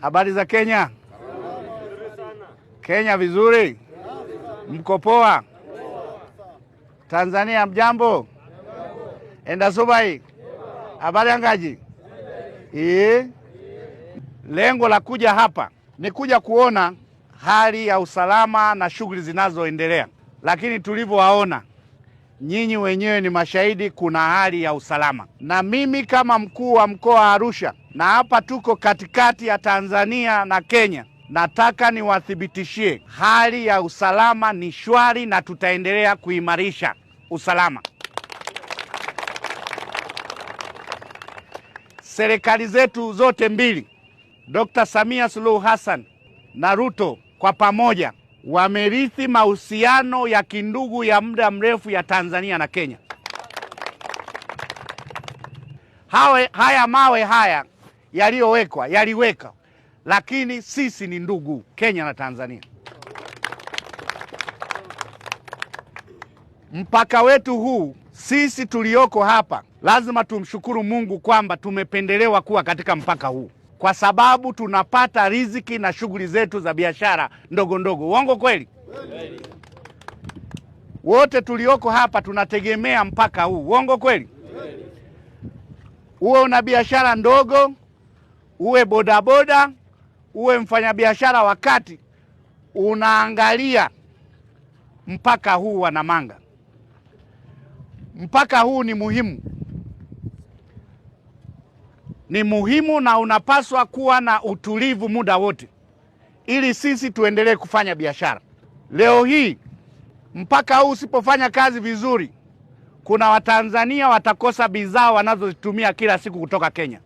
Habari za Kenya? Kenya vizuri? Mko poa? Tanzania mjambo? enda subai Habari angaji? Ee, lengo la kuja hapa ni kuja kuona hali ya usalama na shughuli zinazoendelea, lakini tulivyowaona nyinyi wenyewe ni mashahidi, kuna hali ya usalama. Na mimi kama mkuu wa mkoa wa Arusha, na hapa tuko katikati ya Tanzania na Kenya, nataka niwathibitishie hali ya usalama ni shwari, na tutaendelea kuimarisha usalama. Serikali zetu zote mbili, Dr. Samia Suluhu Hassan na Ruto, kwa pamoja wamerithi mahusiano ya kindugu ya muda mrefu ya Tanzania na Kenya. Hawe, haya mawe haya yaliyowekwa yaliweka, lakini sisi ni ndugu Kenya na Tanzania. Mpaka wetu huu sisi tulioko hapa lazima tumshukuru Mungu kwamba tumependelewa kuwa katika mpaka huu kwa sababu tunapata riziki na shughuli zetu za biashara ndogo ndogo. Uongo kweli? Wote tulioko hapa tunategemea mpaka huu. Uongo kweli? Uwe una biashara ndogo, uwe bodaboda, uwe mfanyabiashara wa kati, unaangalia mpaka huu wa Namanga. Mpaka huu ni muhimu ni muhimu na unapaswa kuwa na utulivu muda wote, ili sisi tuendelee kufanya biashara. Leo hii mpaka huu usipofanya kazi vizuri, kuna Watanzania watakosa bidhaa wanazozitumia kila siku kutoka Kenya.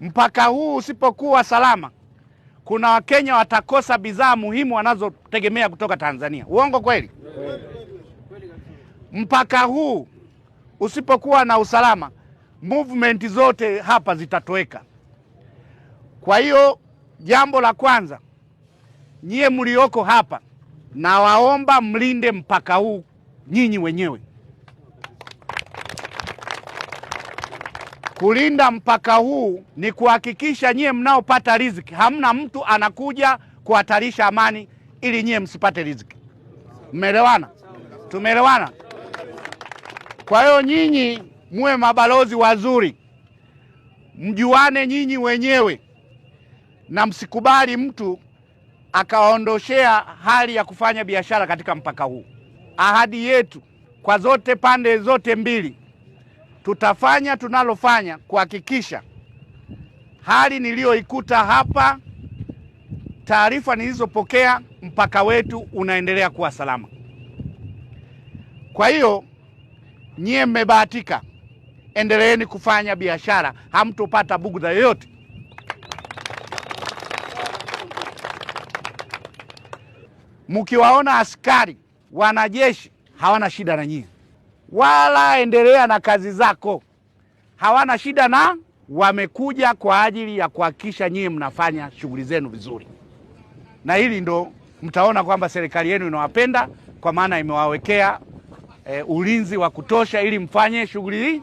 Mpaka huu usipokuwa salama, kuna Wakenya watakosa bidhaa muhimu wanazotegemea kutoka Tanzania. Uongo kweli? Mpaka huu usipokuwa na usalama movement zote hapa zitatoweka. Kwa hiyo jambo la kwanza, nyie mlioko hapa, nawaomba mlinde mpaka huu nyinyi wenyewe. Kulinda mpaka huu ni kuhakikisha nyie mnaopata riziki, hamna mtu anakuja kuhatarisha amani ili nyie msipate riziki. Mmeelewana? Tumeelewana? Kwa hiyo nyinyi muwe mabalozi wazuri, mjuane nyinyi wenyewe na msikubali mtu akaondoshea hali ya kufanya biashara katika mpaka huu. Ahadi yetu kwa zote pande zote mbili, tutafanya tunalofanya kuhakikisha hali niliyoikuta hapa, taarifa nilizopokea, mpaka wetu unaendelea kuwa salama. Kwa hiyo nyie mmebahatika endeleeni kufanya biashara, hamtopata bugudha yoyote. Mkiwaona askari wanajeshi hawana shida na nyinyi, wala endelea na kazi zako, hawana shida na wamekuja kwa ajili ya kuhakikisha nyinyi mnafanya shughuli zenu vizuri, na hili ndo mtaona kwamba serikali yenu inawapenda kwa maana imewawekea e, ulinzi wa kutosha ili mfanye shughuli hii.